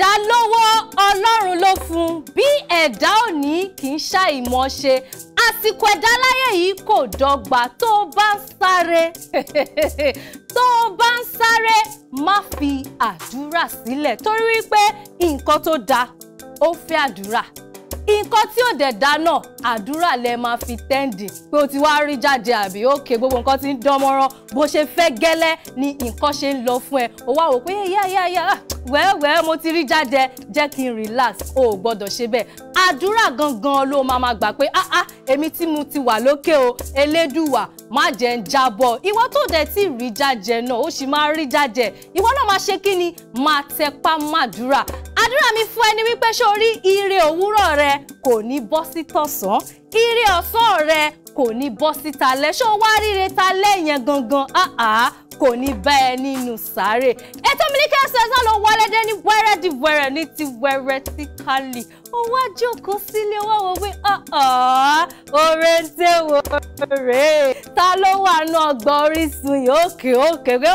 ẹ̀dá lówó ọlọ́run ló fún bí ẹ̀dá òní kì í ṣàìmọ̀ ṣe àsìkò ẹ̀dá láyé yìí kò dọ́gba tó bá ń sáré tó bá ń sáré má fi àdúrà sílẹ̀ torí wípé nǹkan tó dáa ó fẹ́ àdúrà nǹkan tí ò dẹ̀ náà àdúrà lẹ máa fi tẹ́ǹdì pé o ti wá rí jáde àbí òkè gbogbo nǹkan ti ń dánmọ́rán bó ṣe fẹ́ gẹ́lẹ́ ni nǹkan ṣe ń lọ fún ẹ o wá wò pé yáyáyá wẹ́ẹ́wẹ́ẹ́ mo ti rí jáde jẹ́ kí n relax o ò gbọ́dọ̀ ṣe bẹ́ẹ̀ àdúrà gangan ló máa ma gbà pé ah ah èmi tí mo ti wà lókè o elédùwà má jẹ́ ń jábọ̀ ìwọ tó dẹ̀ tí rí jáde náà ó sì máa rí jáde ìwọ náà máa ṣe kí ni máa tẹpá màdúrà àdúrà mi fún ẹni wípé ṣé o rí ire òwúrọ̀ rẹ kò ní bọ́ sí tọ̀sán ire ọ̀sán rẹ kò ní bọ́ síta lẹ́ṣọ́ wá ríre ta lẹ́yìn gangan áà ah, ah kò ní bá ẹ nínú sáré ètò Miliki Express náà ló wọlé dé ní wẹ́rẹ́ di wẹ́rẹ́ ní ti wẹ́rẹ́ ti kálí ó wá jókòó sílé ó wá wọ pé ọ̀ọ́rẹ́ ń tẹ̀wọ̀ rẹ̀ ta ló wà ní ọgbà Orísun yìí òkè òkè pé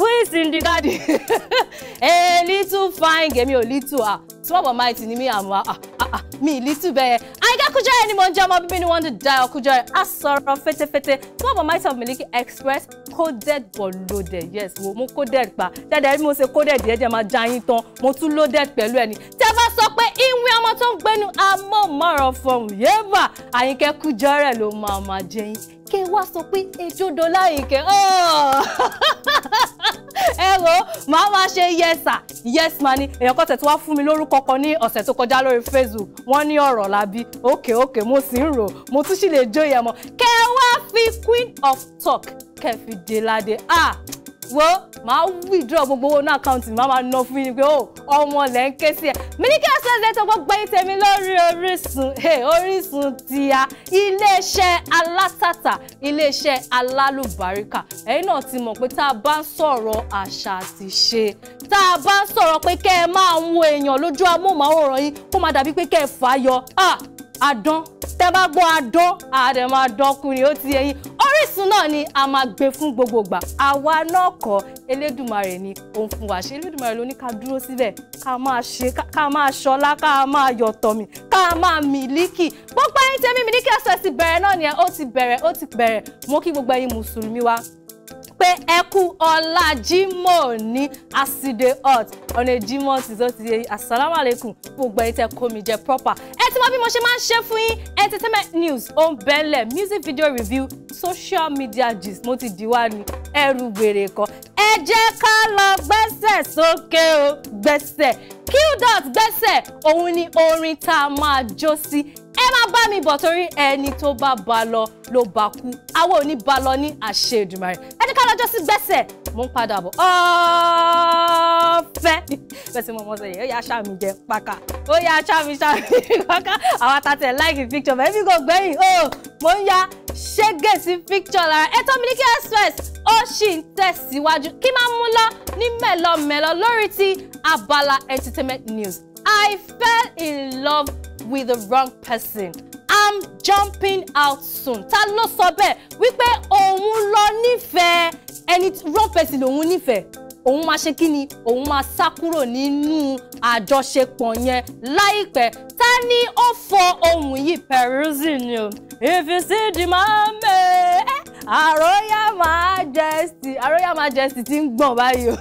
wíìs in the garden a little fine gèmi ò little ah small but mighty ni mi àmọ́ ah ah ah Me little bẹ́ẹ̀ Àyìnkẹ́ Kújẹ́rẹ́ ni mo ń jẹ́ ọmọ bíbí ni wọ́n ń da ọkújẹ́rẹ́ á sọ̀rọ̀ fetefete fún ọmọ might Miliki Express coded but loaded yes wo mo coded pa dáadáa bí mo ṣe coded yẹn jẹ́ máa já yín tán mo tún loaded pẹ̀lú ẹni tẹ́ bá sọ pé ìwé ọmọ tó ń gbénu amóhùnmáwòrán fọ̀hún yéèbà Àyìnkẹ́ Kújẹ́rẹ́ kẹ́ wá sọ pé ejò dọ́là ìkẹ́ ẹ wo màá máa ṣe yẹsà yẹsà ni èèyàn kan tẹ̀ tí wàá fún mi lórúkọ kan ní ọ̀sẹ̀ tó kọjá lórí Facebook wọ́n ní ọ̀rọ̀ lábí òkè òkè mo sì ń rò mo tún sì lè jó ìyẹn mọ́ wá fi queen of talk kẹ́ fi dé ládé ah wo màá withdraw gbogbo owó ní àkáǹtì màá máa ná fún yín pé ó oh, ọmọ lẹ́ ń ké sí ẹ̀ Miliki Express lẹ́tọ̀ gbogbo yín tèmi lórí Orísun Orísun tíya iléeṣẹ́ alátàtà iléeṣẹ́ alálùbáríkà ẹ̀yin náà ti mọ̀ pé tá a bá ń sọ̀rọ̀ àṣà àti ṣe tá a bá ń sọ̀rọ̀ pé kẹ́ ẹ máa wo èèyàn lójú amóhùnmáwòrán yín kó má dàbí pé kẹ́ ẹ fà á yọ ah, àdán tẹ́ bá gbọ́ àdán àdẹ̀mọ̀ àdán Jésù náà ni a máa gbé fún gbogbo ìgbà àwa náà kọ́ Elédùmarè ni òun fún wa ṣe Elédùmarè ló ní ká dúró síbẹ̀ ká máa ṣe ká máa ṣọlá ká máa yọ̀tọ̀ mi ká máa mílíkì gbogbo ẹ̀yin tèmi mílíkì ọ̀sẹ̀ ti bẹ̀rẹ̀ náà nìyẹn ó ti bẹ̀rẹ̀ ó ti bẹ̀rẹ̀ mo kí gbogbo ẹ̀yin mùsùlùmí wa pé ẹkú ọlá Jimo ní aside hot ọ̀nà Jímọ̀ ti tó ti yẹ assalamu alaikum gbogbo ẹ̀yin tẹ́ kó mi jẹ proper ẹ ti mọ bí mo ṣe máa ń ṣe fún yín entertainment news ó ń music video review social media gist mo ti diwa ni ẹrù gbèrè kan ẹ jẹ́ ká lọ gbẹ́sẹ̀ sókè o gbẹ́sẹ̀ qdot gbẹ́sẹ̀ òun ni orin tá a máa jó sí ẹ má bá mi bọ̀ torí ẹni tó bá ba lọ ló bá kú àwọn òní ba lọ ní àṣẹ Èdùmàrè ẹni ká lọ́jọ́ sí gbẹ́sẹ̀ mo ń padà bọ̀ ọ̀ọ́fẹ́ bẹ́sẹ̀ mo mọ̀ sẹ́yìn ó yà aṣá mi jẹ pàkà ó yà aṣá mi ṣá mi pàkà àwọn atatẹ̀ like the picture bẹ́ẹ̀ mi kò gbẹ̀yìn o oh, mo ń ya ṣégè sí picture lára ẹ tọ́ Miliki Express ó sì ń tẹ̀síwájú kí máa mú lọ ní mẹ́lọmẹ́lọ lórí ti abala entertainment news I fell in love with the wrong person I'm jumping out soon ta ló sọ bẹ́ẹ̀ wípé òun lọ nífẹ̀ẹ́ ẹni wrong person lòun nífẹ̀ẹ́ òun máa ṣe kí ni òun máa sá kúrò nínú àjọṣepọ̀ yẹn láìpẹ́ ta ni ó fọ ohun yìí peruzzi ni o if you see the man me eh, àròyé àróyá majesty ti ń gbọ̀n báyìí o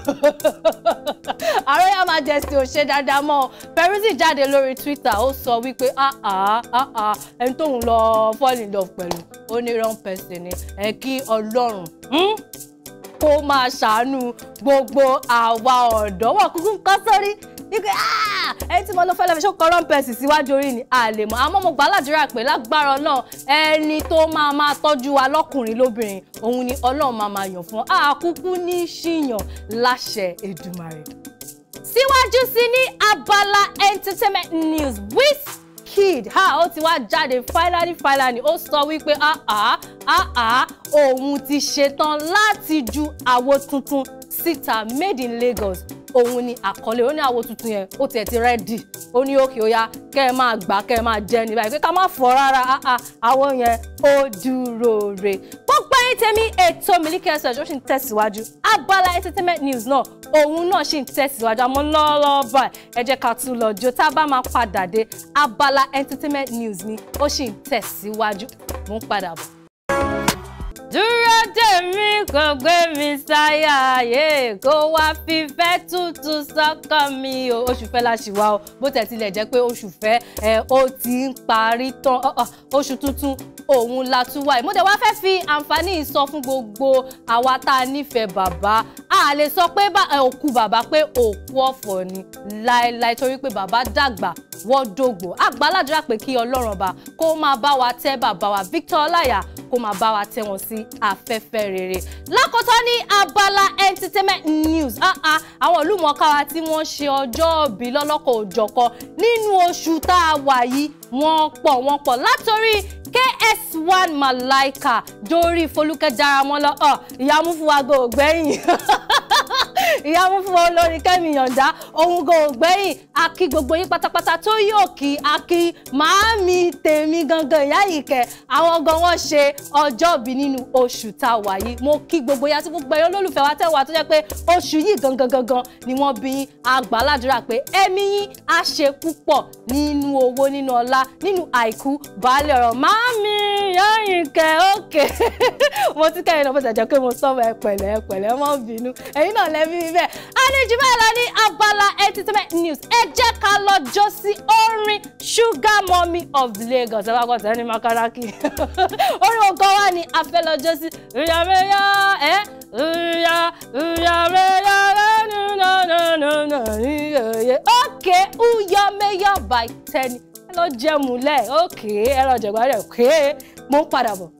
àróyá majesty ò ṣe dáadáa mọ́ Peruzzi jáde lórí Twitter ó sọ wípé ah, ah, ah, ẹni tóun lọ fall in love pẹ̀lú ó ní wrong person ni ẹ kí Ọlọ́run hmm, kó máa ṣàánú gbogbo àwa ọ̀dọ́ wọ̀ kúkú ń kọ́ sórí wípé ah! ẹ tí mo lọ fẹ́ lọ fi ṣó current person síwájú orí ni a lè àmọ́ mo gbà ládùúrà pé lágbára Ọlọ́run ẹni tó máa máa tọ́jú wa lọ́kùnrin lóbìnrin òun ni Ọlọ́run máa máa yàn fún àkúkú ní ṣìyàn láṣẹ Èdùmàrè. síwájú sí ní abala entertainment news with kid ha ó ti wá jáde finally finally ó sọ wípé àá àá òun ti ṣetán láti ju àwo tuntun síta made in Lagos òun ni àkọlé ó ní àwo tuntun yẹn ó tiẹ̀ ti rẹ́dì ó ní òkè ó yá kẹ́ ẹ máa gbà kẹ́ ẹ máa jẹ ní báyìí pé ká má fọ rárá ah, ah, àwo yẹn ó dúró re. gbogbo ẹ̀yin tèmi ètò Miliki Express ó sì ń tẹ̀síwájú abala entertainment news náà òun náà sì ń tẹ̀síwájú àmọ́ lọ́ọ́lọ́ọ́ báyìí ẹ jẹ́ ká tún lọ jó tá a bá máa padà dé abala entertainment news ni ó sì ń tẹ̀síwájú mò ń padà bọ̀. dúró dè sáyà ayé kó wá fífẹ́ tútù sọ́kàn mi o oṣù fẹ́ la wá o bó tẹ̀ tilẹ̀ jẹ́ pé oṣù fẹ́ ẹ o ti ń parí tán oṣù tuntun òun la tún wáyé mo dẹ̀ wá fẹ́ fi àǹfààní sọ fún gbogbo àwa tá a nífẹ̀ẹ́ bàbá a lè sọ pé òkú bàbá pé òkú ọ̀fọ̀ ni láéláé torí pé bàbá dàgbà wọ́n dògbò àgbàládùra pé kí ọlọ́run ọba kó máa bá wa tẹ́ bàbá wa Victor Ọláyà kó máa bá wa tẹ́ wọn sí afẹ́fẹ́ rere lákòótọ́ ní abala entertainment news àwọn olùmọ̀ọ́ká wa tí wọ́n ṣe ọjọ́òbí lọ́lọ́kọ̀ òjọ̀kọ nínú oṣù tá a wà yìí wọ́n pọ̀ wọ́n pọ̀ látòrí KS1 Malaika dórí Fọlúkẹ́ Dáramọ́lá ìyá mú fún ògbẹ́yìn ìyá mú fún wọn lórí kẹ́mi yọ̀ǹda ohun gògbẹ́yìn akí gbogbo yín pátápátá tó yóò kí akí màámi tèmi gangan ìyá ìkẹ́ àwọn gan wọn ṣe ọjọ́bí nínú oṣù tá a wà yìí mo kí gbogbo yá sí gbogbo ẹ̀yọ́ olólùfẹ́ wa tẹ́wà tó jẹ́ pé oṣù yìí gangan gangan ni wọ́n bí yín àgbàládùra pé ẹ̀mí yín á ṣe púpọ̀ nínú owó nínú ọlá nínú àìkú baálé ọ̀rọ̀ màámi. Ìyárìnkẹ́ òkè mo ti kẹ́yìn náà bó ṣàjọ pé mo sọ́wọ́ ẹ pẹ̀lẹ́ ẹ pẹ̀lẹ́ mọ́ bínú ẹ̀yin náà lẹ́bí bíbẹ̀ àlejò báyìí lọ ní abala entertainment news ẹ jẹ́ ká lọ jó sí orin sugar mummy of Lagos ẹ bá gbọ́ sẹ́ni makaraki orin ọkọ wa ni a fẹ́ lọ jó sí ìyàmẹ́yà ẹ ìyà ìyàmẹ́yà lẹ́nu nànànà ìyẹ̀yẹ̀ òkè ìyàmẹ́yà by ten. ẹ lọ jẹ́ múlẹ̀ òkè ẹ lọ jẹ̀gbọ́n rẹ̀ òkè. Bom, parava.